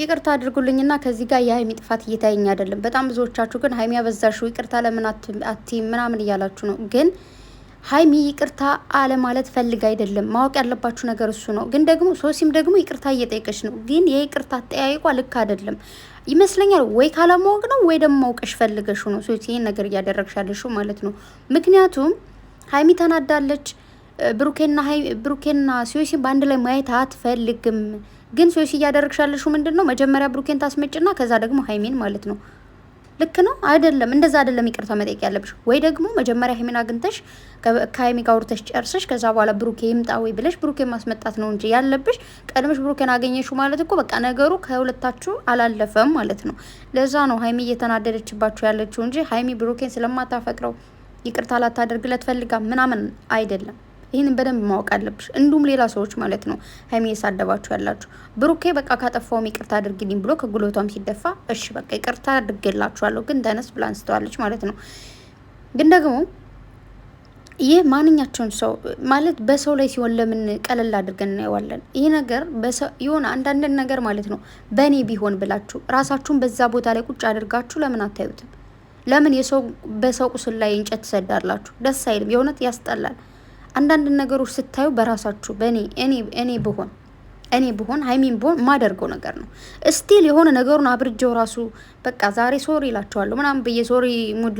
ይቅርታ አድርጉልኝና ከዚህ ጋር የሀይሚ ጥፋት እየታየኝ አይደለም። በጣም ብዙዎቻችሁ ግን ሀይሚ ያበዛሽው ይቅርታ ለምን አቲ ምናምን እያላችሁ ነው። ግን ሀይሚ ይቅርታ አለ ማለት ፈልግ አይደለም። ማወቅ ያለባችሁ ነገር እሱ ነው። ግን ደግሞ ሶሲም ደግሞ ይቅርታ እየጠየቀች ነው። ግን የይቅርታ አጠያይቋ ልክ አይደለም ይመስለኛል። ወይ ካለማወቅ ነው ወይ ደግሞ ማውቀሽ ፈልገሽ ነው። ሶሲ ይህን ነገር እያደረግሻለሽ ማለት ነው። ምክንያቱም ሀይሚ ተናዳለች። ብሩኬና ሲዮሲ በአንድ ላይ ማየት አትፈልግም። ግን ሲዮሲ እያደረግሻለሹ ምንድን ነው? መጀመሪያ ብሩኬን ታስመጭና ከዛ ደግሞ ሀይሜን ማለት ነው። ልክ ነው አይደለም? እንደዛ አይደለም ይቅርታ መጠየቅ ያለብሽ። ወይ ደግሞ መጀመሪያ ሀይሜን አግኝተሽ ከሀይሜ ጋር አውርተሽ ጨርሰሽ ከዛ በኋላ ብሩኬ ይምጣ ወይ ብለሽ ብሩኬን ማስመጣት ነው እንጂ ያለብሽ። ቀድመሽ ብሩኬን አገኘሹ ማለት እኮ በቃ ነገሩ ከሁለታችሁ አላለፈም ማለት ነው። ለዛ ነው ሀይሜ እየተናደደችባችሁ ያለችው እንጂ ሀይሜ ብሩኬን ስለማታፈቅረው ይቅርታ ላታደርግለት ፈልጋ ምናምን አይደለም። ይህንን በደንብ ማወቅ አለብሽ። እንዲሁም ሌላ ሰዎች ማለት ነው ሀይሚ የሳደባችሁ ያላችሁ ብሩኬ በቃ ካጠፋውም ይቅርታ አድርግልኝ ብሎ ከጉልበቷም ሲደፋ እሺ በቃ ይቅርታ አድርግላችኋለሁ፣ ግን ተነስ ብላ አንስተዋለች ማለት ነው። ግን ደግሞ ይህ ማንኛቸውን ሰው ማለት በሰው ላይ ሲሆን ለምን ቀለል አድርገን እናየዋለን? ይህ ነገር የሆነ አንዳንድ ነገር ማለት ነው በእኔ ቢሆን ብላችሁ ራሳችሁን በዛ ቦታ ላይ ቁጭ አድርጋችሁ ለምን አታዩትም? ለምን የሰው በሰው ቁስል ላይ እንጨት ትሰዳላችሁ? ደስ አይልም። የእውነት ያስጠላል። አንዳንድ ነገሮች ስታዩ በራሳችሁ በእኔ እኔ እኔ ብሆን እኔ ብሆን ሀይሚን ብሆን የማደርገው ነገር ነው። እስቲል የሆነ ነገሩን አብርጀው ራሱ በቃ ዛሬ ሶሪ እላቸዋለሁ ምናምን ብዬ ሶሪ ሙድ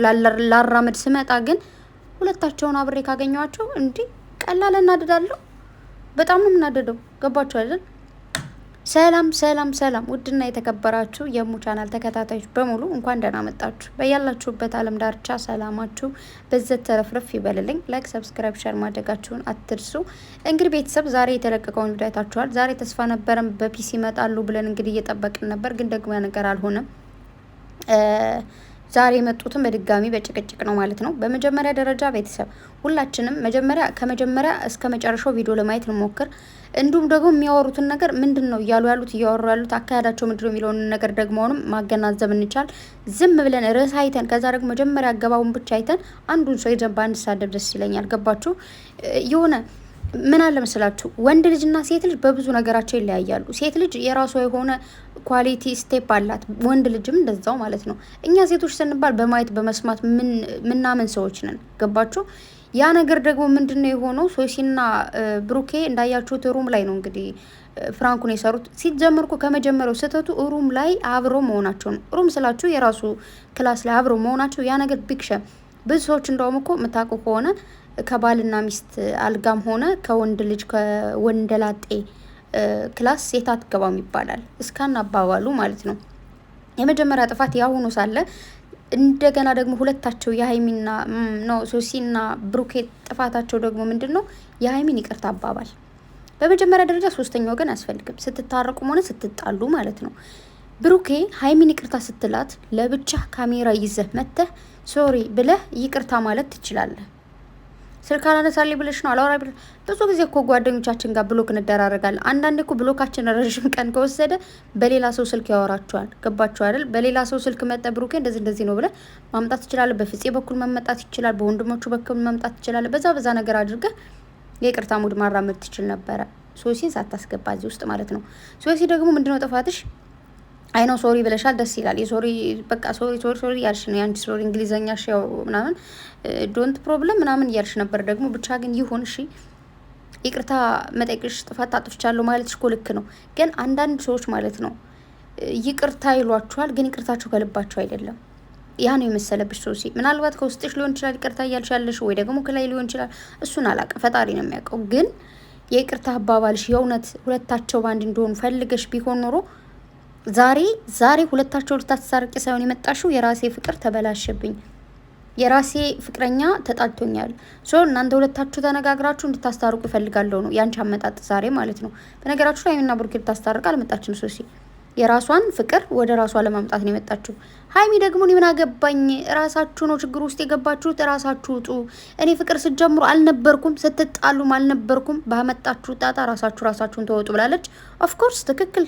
ላራመድ ስመጣ ግን ሁለታቸውን አብሬ ካገኘዋቸው እንዲህ ቀላል እናደዳለሁ። በጣም ነው የምናደደው። ገባችሁ አይደል? ሰላም ሰላም ሰላም ውድና የተከበራችሁ የሙ ቻናል ተከታታዮች በሙሉ እንኳን ደህና መጣችሁ። በያላችሁበት ዓለም ዳርቻ ሰላማችሁ በዘት ተረፍረፍ ይበልልኝ። ላይክ፣ ሰብስክራይብ፣ ሸር ማድረጋችሁን አትርሱ። እንግዲህ ቤተሰብ ዛሬ የተለቀቀውን ቪዲዮ አይታችኋል። ዛሬ ተስፋ ነበረን በፒሲ ይመጣሉ ብለን እንግዲህ እየጠበቅን ነበር፣ ግን ደግሞ ያ ነገር አልሆነም። ዛሬ የመጡትን በድጋሚ በጭቅጭቅ ነው ማለት ነው። በመጀመሪያ ደረጃ ቤተሰብ ሁላችንም መጀመሪያ ከመጀመሪያ እስከ መጨረሻው ቪዲዮ ለማየት እንሞክር። እንዲሁም ደግሞ የሚያወሩትን ነገር ምንድን ነው እያሉ ያሉት እያወሩ ያሉት አካሄዳቸው ምንድን ነው የሚለውን ነገር ደግሞ ማገናዘብ እንቻል። ዝም ብለን ርዕስ አይተን ከዛ ደግሞ መጀመሪያ አገባቡን ብቻ አይተን አንዱን ሰው የዘንባ እንሳደብ ደስ ይለኛል። ገባችሁ? የሆነ ምን አለ ወንድ ልጅና ሴት ልጅ በብዙ ነገራቸው ይለያያሉ። ሴት ልጅ የራሷ የሆነ ኳሊቲ ስቴፕ አላት። ወንድ ልጅም እንደዛው ማለት ነው። እኛ ሴቶች ስንባል በማየት በመስማት ምናምን ሰዎች ነን። ገባችሁ? ያ ነገር ደግሞ ምንድን ነው የሆነው? ሶሲና ብሩኬ እንዳያችሁት ሩም ላይ ነው እንግዲህ ፍራንኩን የሰሩት። ሲጀምር እኮ ከመጀመሪያው ስህተቱ ሩም ላይ አብሮ መሆናቸው ነው። ሩም ስላችሁ የራሱ ክላስ ላይ አብሮ መሆናቸው ያ ነገር ቢክሸ ብዙ ሰዎች እንደውም እኮ የምታውቁ ከሆነ ከባልና ሚስት አልጋም ሆነ ከወንድ ልጅ ከወንደላጤ ክላስ ሴት አትገባም ይባላል። እስካን አባባሉ ማለት ነው። የመጀመሪያ ጥፋት ያሁኑ ሳለ እንደገና ደግሞ ሁለታቸው የሀይሚና ነው ሶሲና ብሩኬ ጥፋታቸው ደግሞ ምንድን ነው? የሀይሚን ይቅርታ አባባል በመጀመሪያ ደረጃ ሶስተኛ ወገን አያስፈልግም። ስትታረቁም ሆነ ስትጣሉ ማለት ነው። ብሩኬ ሀይሚን ይቅርታ ስትላት ለብቻ ካሜራ ይዘህ መተህ ሶሪ ብለህ ይቅርታ ማለት ትችላለህ። ስልክ አላነሳልኝ ብለሽ ነው አላወራ ብለሽ። ብዙ ጊዜ እኮ ጓደኞቻችን ጋር ብሎክ እንደራረጋለን። አንዳንዴ እኮ ብሎካችን ረዥም ቀን ከወሰደ በሌላ ሰው ስልክ ያወራቸዋል። ገባቸው አይደል? በሌላ ሰው ስልክ መጠ ብሩኬ እንደዚህ እንደዚህ ነው ብለህ ማምጣት ይችላል። በፍፄ በኩል መመጣት ይችላል። በወንድሞቹ በኩል መምጣት ይችላል። በዛ በዛ ነገር አድርገህ የቅርታ ሙድ ማራመድ ትችል ነበረ። ሶሲን ሳታስገባ እዚህ ውስጥ ማለት ነው። ሶሲ ደግሞ ምንድነው ጥፋትሽ? አይ ነው ሶሪ ብለሻል፣ ደስ ይላል። የሶሪ በቃ ሶሪ ሶሪ ሶሪ እያልሽ ነው የአንቺ ሶሪ እንግሊዘኛሽ ያው ምናምን ዶንት ፕሮብለም ምናምን እያልሽ ነበር። ደግሞ ብቻ ግን ይሁን እሺ፣ ይቅርታ መጠየቅሽ ጥፋት አጥፍቻለሁ ማለትሽ እኮ ልክ ነው። ግን አንዳንድ ሰዎች ማለት ነው ይቅርታ ይሏችኋል፣ ግን ይቅርታቸው ከልባቸው አይደለም። ያ ነው የመሰለብሽ ሶሲ። ምናልባት ከውስጥሽ ሊሆን ይችላል ይቅርታ እያልሽ ያለሽ ወይ ደግሞ ከላይ ሊሆን ይችላል። እሱን አላውቅም፣ ፈጣሪ ነው የሚያውቀው። ግን የይቅርታ አባባልሽ የእውነት ሁለታቸው በአንድ እንደሆኑ ፈልገሽ ቢሆን ኖሮ ዛሬ ዛሬ ሁለታቸው ልታስታርቂ ሳይሆን የመጣሽው የራሴ ፍቅር ተበላሸብኝ፣ የራሴ ፍቅረኛ ተጣልቶኛል፣ ሶ እናንተ ሁለታችሁ ተነጋግራችሁ እንድታስታርቁ ይፈልጋለሁ ነው ያንቺ አመጣጥ ዛሬ ማለት ነው። በነገራችሁ ላይ ሀይሚና ብሩኬ ልታስታርቅ አልመጣችም። ሶሲ የራሷን ፍቅር ወደ ራሷ ለማምጣት ነው የመጣችው። ሀይሚ ደግሞ እኔ ምን አገባኝ፣ ራሳችሁ ነው ችግር ውስጥ የገባችሁት፣ ራሳችሁ ውጡ። እኔ ፍቅር ስጀምሩ አልነበርኩም፣ ስትጣሉም አልነበርኩም። ባመጣችሁ ጣጣ ራሳችሁ ራሳችሁን ተወጡ ብላለች። ኦፍኮርስ ትክክል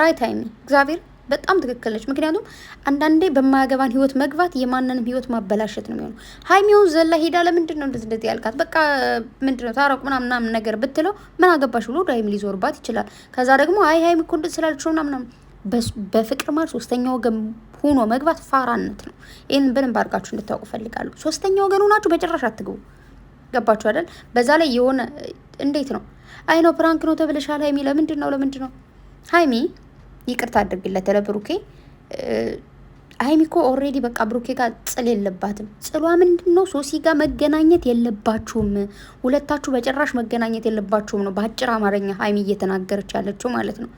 ራይት ታይሚንግ እግዚአብሔር በጣም ትክክል ነች። ምክንያቱም አንዳንዴ በማያገባን ህይወት መግባት የማንንም ህይወት ማበላሸት ነው የሚሆነው። ሀይሚውን ዘላ ሄዳ ለምንድን ነው እንደዚህ እንደዚህ ያልካት በቃ ምንድን ነው ታረቁ ምናምን ምናምን ነገር ብትለው ምን አገባሽ ብሎ ወደ ዳይም ሊዞርባት ይችላል። ከዛ ደግሞ አይ ሀይሚ እኮ እንደት ስላለች ነው ምናምን በፍቅር ማለት ሶስተኛ ወገን ሆኖ መግባት ፋራነት ነው። ይህን በደንብ አድርጋችሁ እንድታውቁ ፈልጋለሁ። ሶስተኛ ወገን ሆናችሁ በጭራሽ አትግቡ። ገባችሁ አይደል? በዛ ላይ የሆነ እንዴት ነው አይ ነው ፕራንክ ነው ተብለሻል ሀይሚ ለምንድን ነው ለምንድን ነው ሀይሚ ይቅርታ አድርግለት ለብሩኬ። ሀይሚ እኮ ኦሬዲ በቃ ብሩኬ ጋር ጽል የለባትም። ጽሏ ምንድን ነው? ሶሲ ጋር መገናኘት የለባችሁም ሁለታችሁ በጭራሽ መገናኘት የለባችሁም ነው በአጭር አማርኛ ሀይሚ እየተናገረች ያለችው ማለት ነው።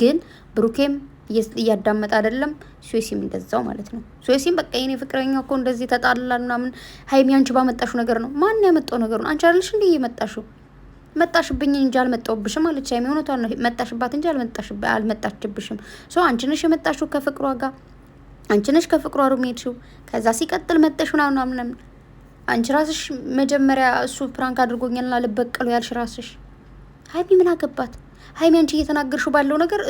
ግን ብሩኬም እያዳመጠ አይደለም፣ ሶሲም እንደዛው ማለት ነው። ሶሲም በቃ የኔ ፍቅረኛ እኮ እንደዚህ ተጣላ ምናምን። ሀይሚ አንቺ ባመጣሹ ነገር ነው። ማን ያመጣው ነው? አንቺ አይደለሽ እንዲህ እየመጣሽው መጣሽብኝ እንጂ አልመጣሁብሽም አለች። ሀይሚ እውነቷን ነው መጣሽባት እንጂ አልመጣችብሽም። ሰው አንቺ ነሽ የመጣሽው ከፍቅሯ ጋር አንቺ ነሽ ከፍቅሯ ሩም ሄድሽው። ከዛ ሲቀጥል መጠሽ ምናምን ምናምን አንቺ ራስሽ መጀመሪያ እሱ ፕራንክ አድርጎኛልና ልበቀሉ ያልሽ ራስሽ። ሀይሚ ምን አገባት? ሀይሚ አንቺ እየተናገርሽው ባለው ነገር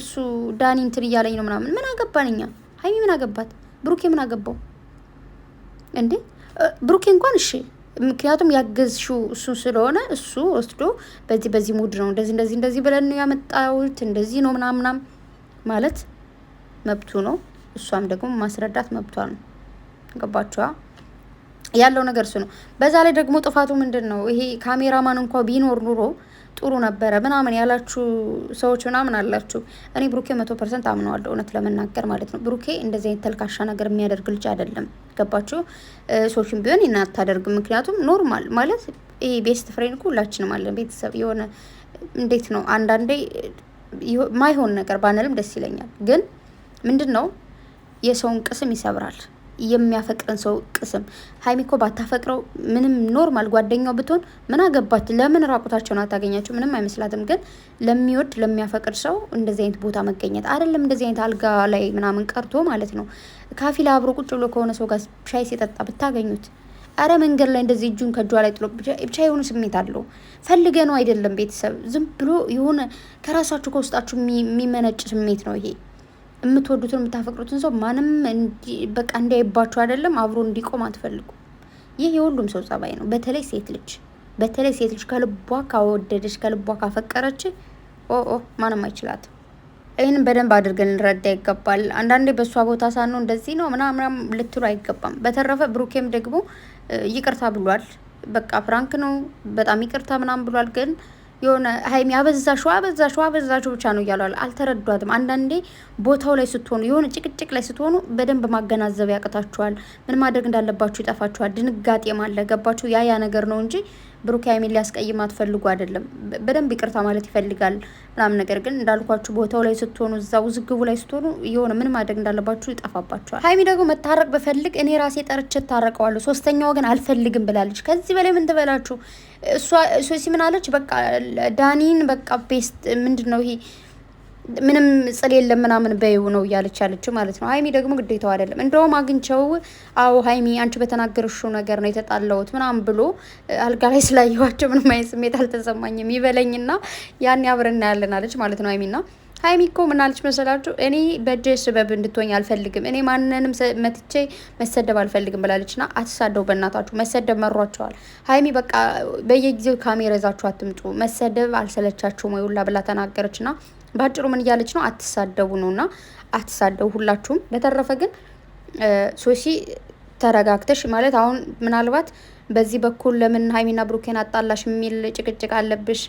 እሱ ዳኒ እንትን እያለኝ ነው ምናምን ምን አገባን እኛ? ሀይሚ ምን አገባት? ብሩኬ ምን አገባው እንዴ? ብሩኬ እንኳን እሺ ምክንያቱም ያገዝሽው እሱ ስለሆነ እሱ ወስዶ በዚህ በዚህ ሙድ ነው እንደዚህ እንደዚህ እንደዚህ ብለን ነው ያመጣውት እንደዚህ ነው ምናምናም ማለት መብቱ ነው። እሷም ደግሞ ማስረዳት መብቷ ነው። ገባችኋ? ያለው ነገር እሱ ነው። በዛ ላይ ደግሞ ጥፋቱ ምንድን ነው? ይሄ ካሜራማን እንኳ ቢኖር ኑሮ ጥሩ ነበረ ምናምን ያላችሁ ሰዎች ምናምን አላችሁ። እኔ ብሩኬ መቶ ፐርሰንት አምነዋለሁ፣ እውነት ለመናገር ማለት ነው። ብሩኬ እንደዚህ አይነት ተልካሻ ነገር የሚያደርግ ልጅ አይደለም። ገባችሁ? ሰዎችን ቢሆን እናታደርግም። ምክንያቱም ኖርማል ማለት ይሄ ቤስት ፍሬንድ እኮ ሁላችንም አለን። ቤተሰብ የሆነ እንዴት ነው አንዳንዴ ማይሆን ነገር ባንልም ደስ ይለኛል። ግን ምንድን ነው የሰውን ቅስም ይሰብራል። የሚያፈቅርን ሰው ቅስም ሀይሚኮ ባታፈቅረው ምንም ኖርማል ጓደኛው ብትሆን ምን አገባች? ለምን ራቁታቸውን አታገኛቸው? ምንም አይመስላትም። ግን ለሚወድ ለሚያፈቅር ሰው እንደዚህ አይነት ቦታ መገኘት አይደለም፣ እንደዚህ አይነት አልጋ ላይ ምናምን ቀርቶ ማለት ነው። ካፊ ላይ አብሮ ቁጭ ብሎ ከሆነ ሰው ጋር ሻይ ሲጠጣ ብታገኙት፣ አረ መንገድ ላይ እንደዚህ እጁን ከእጇ ላይ ጥሎ ብቻ የሆኑ ስሜት አለው። ፈልገ ነው አይደለም ቤተሰብ፣ ዝም ብሎ የሆነ ከራሳችሁ ከውስጣችሁ የሚመነጭ ስሜት ነው ይሄ። የምትወዱትን የምታፈቅሩትን ሰው ማንም በቃ እንዲያይባችሁ አይደለም፣ አብሮ እንዲቆም አትፈልጉም። ይህ የሁሉም ሰው ጸባይ ነው። በተለይ ሴት ልጅ በተለይ ሴት ልጅ ከልቧ ካወደደች ከልቧ ካፈቀረች ኦ ማንም አይችላትም። ይህንን በደንብ አድርገን ልረዳ ይገባል። አንዳንዴ በእሷ ቦታ ሳኑ እንደዚህ ነው ምናምናም ልትሉ አይገባም። በተረፈ ብሩኬም ደግሞ ይቅርታ ብሏል። በቃ ፍራንክ ነው በጣም ይቅርታ ምናምን ብሏል ግን የሆነ ሀይሚ አበዛሹ አበዛሹ አበዛሹ ብቻ ነው እያሏል። አልተረዷትም። አንዳንዴ ቦታው ላይ ስትሆኑ የሆነ ጭቅጭቅ ላይ ስትሆኑ በደንብ ማገናዘብ ያቅታችኋል። ምን ማድረግ እንዳለባችሁ ይጠፋችኋል። ድንጋጤ ማለ ገባችሁ? ያ ያ ነገር ነው እንጂ ብሩክ ሀይሚን ሊያስቀይማት ፈልጎ አይደለም። በደንብ ይቅርታ ማለት ይፈልጋል ምናምን። ነገር ግን እንዳልኳችሁ ቦታው ላይ ስትሆኑ፣ እዛ ውዝግቡ ላይ ስትሆኑ የሆነ ምን ማድረግ እንዳለባችሁ ይጠፋባችኋል። ሀይሚ ደግሞ መታረቅ ብፈልግ እኔ ራሴ ጠርቼ ታረቀዋለሁ፣ ሶስተኛ ወገን አልፈልግም ብላለች። ከዚህ በላይ ምን ትበላችሁ? እሷ ሶሲ ምን አለች? በቃ ዳኒን በቃ ቤስት ምንድን ነው ይሄ ምንም ጽል የለም ምናምን በይው ነው እያለች ያለችው ማለት ነው። ሀይሚ ደግሞ ግዴታው አይደለም። እንደውም አግኝቸው አዎ ሀይሚ አንቺ በተናገርሽው ነገር ነው የተጣላሁት ምናምን ብሎ አልጋ ላይ ስላየኋቸው ምንም አይነት ስሜት አልተሰማኝም ይበለኝና ያኔ አብረን እናያለን አለች ማለት ነው ሀይሚና ሀይሚ እኮ ምናለች መሰላችሁ? እኔ በእጄ ስበብ እንድትሆኝ አልፈልግም፣ እኔ ማንንም መትቼ መሰደብ አልፈልግም ብላለች። ና አትሳደቡ፣ በእናታችሁ መሰደብ መሯቸዋል። ሀይሚ በቃ በየጊዜው ካሜራ ይዛችሁ አትምጡ፣ መሰደብ አልሰለቻችሁም ወይ ሁላ ብላ ተናገረች። ና በአጭሩ ምን እያለች ነው? አትሳደቡ ነው ና አትሳደቡ ሁላችሁም። በተረፈ ግን ሶሲ ተረጋግተሽ ማለት አሁን ምናልባት በዚህ በኩል ለምን ሀይሚና ብሩኬን አጣላሽ የሚል ጭቅጭቅ አለብሽ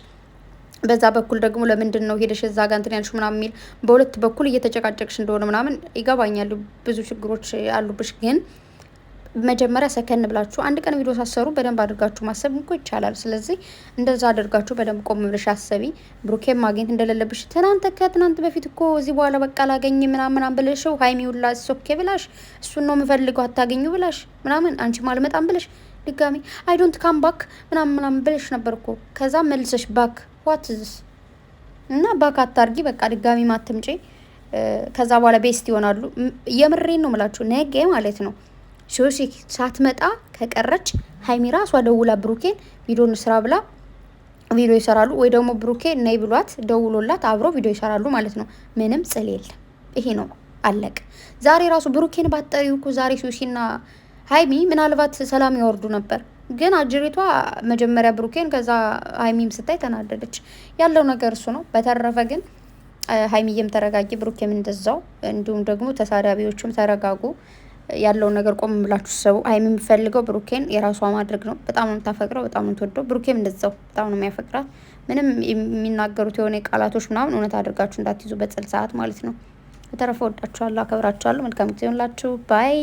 በዛ በኩል ደግሞ ለምንድን ነው ሄደሽ እዛ ጋ እንትን ያልሽ ምናምን የሚል በሁለት በኩል እየተጨቃጨቅሽ እንደሆነ ምናምን ይገባኛል። ብዙ ችግሮች አሉብሽ ግን መጀመሪያ ሰከን ብላችሁ አንድ ቀን ቪዲዮ ሳሰሩ በደንብ አድርጋችሁ ማሰብ እንኮ ይቻላል። ስለዚህ እንደዛ አድርጋችሁ በደንብ ቆም ብለሽ አሰቢ። ብሩኬን ማግኘት እንደሌለብሽ ትናንተ ከትናንት በፊት እኮ እዚህ በኋላ በቃ አላገኝ ምናምን ብለሽው ሀይሚውላ ሶኬ ብላሽ እሱን ነው የምፈልገው አታገኙ ብላሽ ምናምን አንቺ አልመጣም ብለሽ ድጋሚ አይዶንት ካም ባክ ምናምን ምናምን ብለሽ ነበር እኮ ከዛ መልሰሽ ባክ ዋትዝስ እና ባካት አርጊ በቃ ድጋሚ ማትምጪ። ከዛ በኋላ ቤስት ይሆናሉ። የምሬን ነው ምላችሁ፣ ነገ ማለት ነው ሶሲ ሳትመጣ ከቀረች ሀይሚ ራሷ ደውላ ብሩኬን ቪዲዮን ስራ ብላ ቪዲዮ ይሰራሉ፣ ወይ ደግሞ ብሩኬ ነይ ብሏት ደውሎላት አብሮ ቪዲዮ ይሰራሉ ማለት ነው። ምንም ጽል የለም። ይሄ ነው አለቅ። ዛሬ ራሱ ብሩኬን ባጠሪው እኮ ዛሬ ሶሲና ሀይሚ ምናልባት ሰላም ያወርዱ ነበር። ግን አጅሬቷ መጀመሪያ ብሩኬን ከዛ ሀይሚም ስታይ ተናደደች። ያለው ነገር እሱ ነው። በተረፈ ግን ሀይሚዬም ተረጋጊ፣ ብሩኬም እንደዛው። እንዲሁም ደግሞ ተሳዳቢዎቹም ተረጋጉ። ያለውን ነገር ቆም ብላችሁ ሰቡ። ሀይሚ የሚፈልገው ብሩኬን የራሷ ማድረግ ነው። በጣም ነው የምታፈቅረው፣ በጣም ነው ትወደው። ብሩኬም እንደዛው በጣም ነው የሚያፈቅራት። ምንም የሚናገሩት የሆነ ቃላቶች ምናምን እውነት አድርጋችሁ እንዳትይዙ በጽል ሰዓት ማለት ነው። በተረፈ ወዳችኋለሁ፣ አከብራችኋለሁ። መልካም ጊዜ ሆንላችሁ ባይ